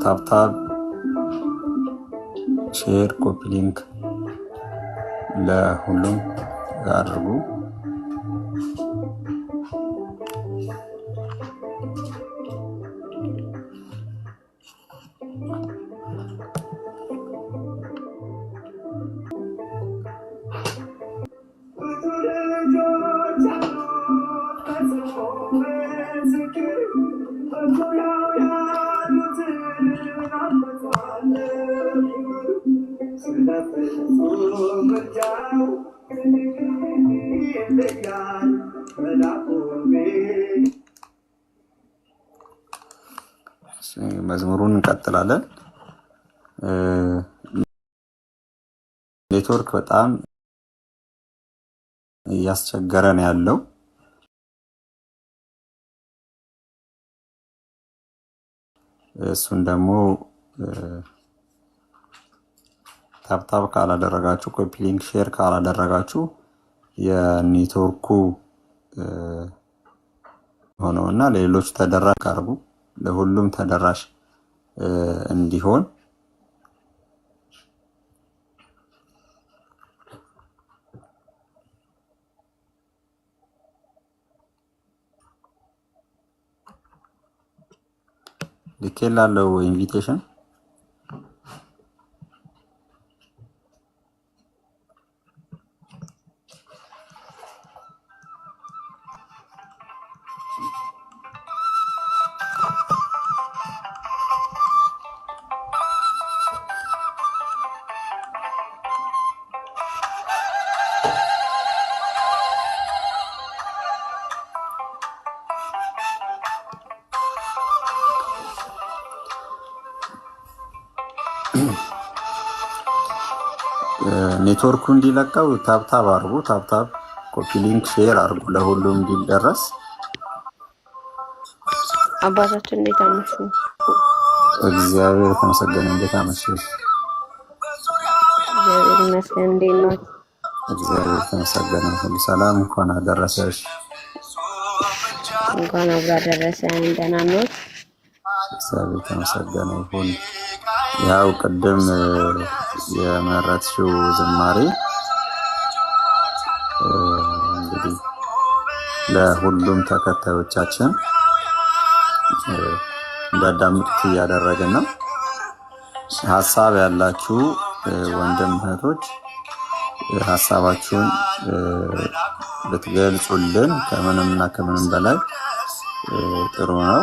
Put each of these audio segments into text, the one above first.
ታብታብ ሼር ኮፒ ሊንክ ለሁሉም አድርጉ። መዝሙሩን እንቀጥላለን። ኔትወርክ በጣም እያስቸገረ ነው ያለው። እሱን ደግሞ ታብታብ ካላደረጋችሁ ኮፒ ሊንክ ሼር ካላደረጋችሁ የኔትወርኩ ሆነውና ለሌሎች ተደራሽ ቀርቡ ለሁሉም ተደራሽ እንዲሆን ልኬላለው ኢንቪቴሽን ኔትወርኩ እንዲለቀው ታብታብ አርጉ። ታብታብ ኮፒ ሊንክ ሼር አርጉ ለሁሉም እንዲደረስ። አባታችን እንዴት አመሹ? እግዚአብሔር የተመሰገነ። እንዴት አመሽ? እግዚአብሔር ይመስገን። እንዴት ነው? እግዚአብሔር የተመሰገነ። ሁሉ ሰላም። እንኳን አደረሰሽ። እንኳን አብራ ደረሰ። ደህና ነው? እግዚአብሔር የተመሰገነ ይሁን። ያው ቅድም የመረጥሽው ዝማሬ እንግዲህ ለሁሉም ተከታዮቻችን እንዳዳምጡት እያደረግን ነው። ሀሳብ ያላችሁ ወንድም እህቶች ሀሳባችሁን ብትገልጹልን ከምንም እና ከምንም በላይ ጥሩ ነው።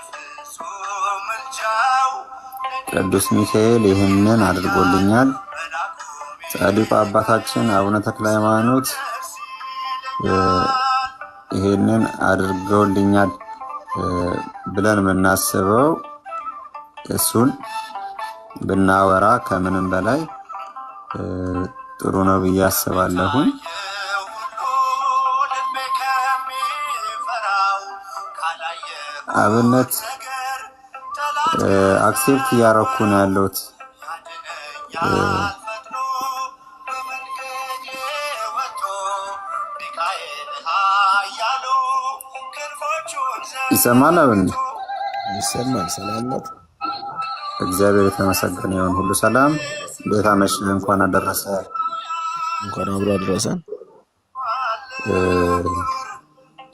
ቅዱስ ሚካኤል ይህንን አድርጎልኛል። ጻድቁ አባታችን አቡነ ተክለ ሃይማኖት ይህንን አድርገውልኛል ብለን የምናስበው እሱን ብናወራ ከምንም በላይ ጥሩ ነው ብዬ አስባለሁኝ። አብነት አክሴፕት እያረኩ ነው ያለሁት። ይሰማል አብን ይሰማል። ሰላም እግዚአብሔር የተመሰገነ ይሁን። ሁሉ ሰላም። ቤታ መች እንኳን አደረሰ። እንኳን አብሮ አደረሰን።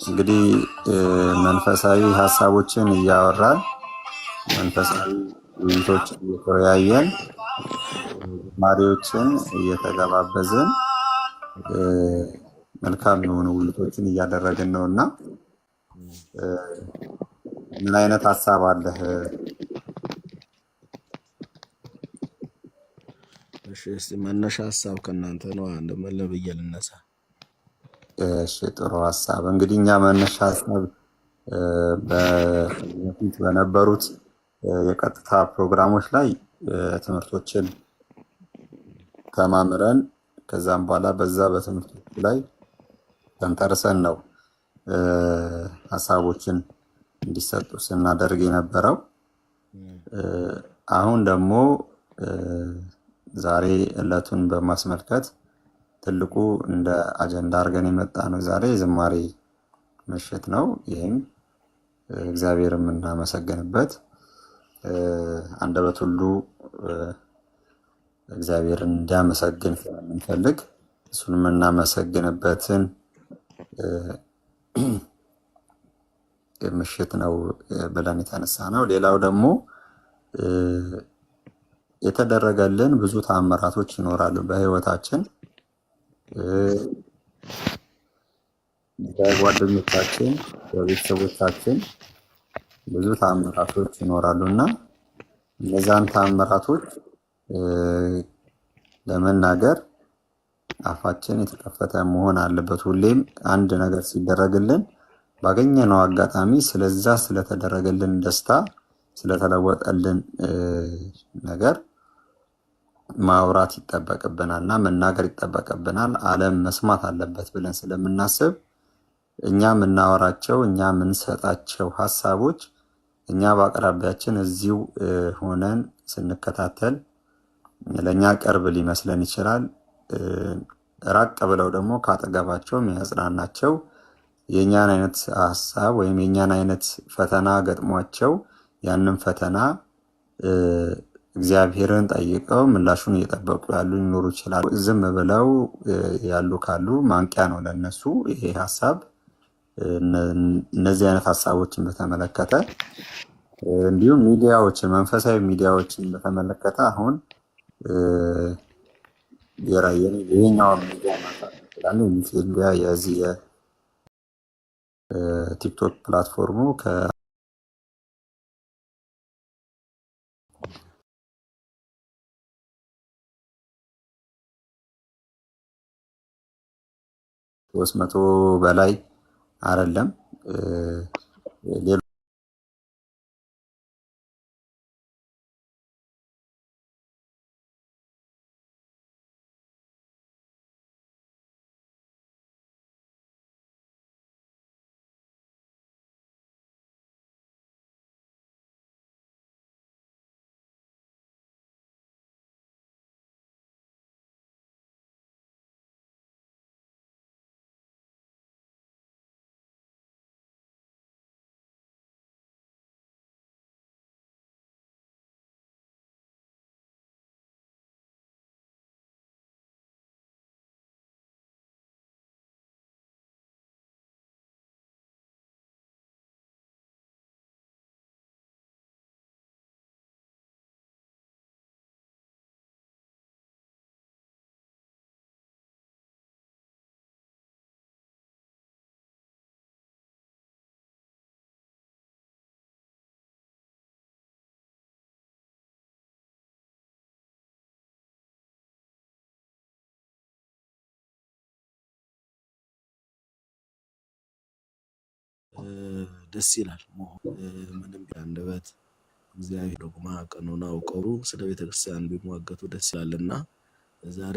እንግዲህ መንፈሳዊ ሀሳቦችን እያወራል መንፈሳዊ ውይይቶች እየተወያየን ማሪዎችን እየተገባበዝን መልካም የሆኑ ውይይቶችን እያደረግን ነው እና ምን አይነት ሀሳብ አለህ? እሺ መነሻ ሀሳብ ከእናንተ ነው። አንድ መለብዬ ልነሳ። እሺ ጥሩ ሀሳብ እንግዲህ እኛ መነሻ ሀሳብ በፊት በነበሩት የቀጥታ ፕሮግራሞች ላይ ትምህርቶችን ተማምረን ከዛም በኋላ በዛ በትምህርቶች ላይ ተንተርሰን ነው ሀሳቦችን እንዲሰጡ ስናደርግ የነበረው። አሁን ደግሞ ዛሬ እለቱን በማስመልከት ትልቁ እንደ አጀንዳ አድርገን የመጣ ነው። ዛሬ የዝማሬ ምሽት ነው። ይህም እግዚአብሔር የምናመሰግንበት አንደበት ሁሉ እግዚአብሔርን እንዲያመሰግን ስለምንፈልግ እሱን የምናመሰግንበትን ምሽት ነው ብለን የተነሳ ነው። ሌላው ደግሞ የተደረገልን ብዙ ተአምራቶች ይኖራሉ በህይወታችን በጓደኞቻችን፣ በቤተሰቦቻችን ብዙ ተአምራቶች ይኖራሉ እና እነዛን ተአምራቶች ለመናገር አፋችን የተከፈተ መሆን አለበት። ሁሌም አንድ ነገር ሲደረግልን ባገኘነው አጋጣሚ ስለዛ ስለተደረገልን ደስታ፣ ስለተለወጠልን ነገር ማውራት ይጠበቅብናል እና መናገር ይጠበቅብናል። ዓለም መስማት አለበት ብለን ስለምናስብ እኛ የምናወራቸው እኛ የምንሰጣቸው ሀሳቦች እኛ በአቅራቢያችን እዚው ሆነን ስንከታተል ለእኛ ቅርብ ሊመስለን ይችላል። ራቅ ብለው ደግሞ ከአጠገባቸው የሚያጽናናቸው የእኛን አይነት ሀሳብ ወይም የእኛን አይነት ፈተና ገጥሟቸው ያንን ፈተና እግዚአብሔርን ጠይቀው ምላሹን እየጠበቁ ያሉ ሊኖሩ ይችላሉ። ዝም ብለው ያሉ ካሉ ማንቂያ ነው ለነሱ ይሄ ሀሳብ እነዚህ አይነት ሀሳቦችን በተመለከተ እንዲሁም ሚዲያዎችን መንፈሳዊ ሚዲያዎችን በተመለከተ አሁን ይሄኛውን ሚዲያ ማንሳት እንችላለን። ሚዲያ የዚህ የቲክቶክ ፕላትፎርሙ ከሶስት መቶ በላይ አይደለም። ደስ ይላል። ምንም አንደበት እግዚአብሔር ዶግማ ቀኖና አውቀሩ ስለ ቤተክርስቲያን ቢሟገቱ ደስ ይላልና ዛሬ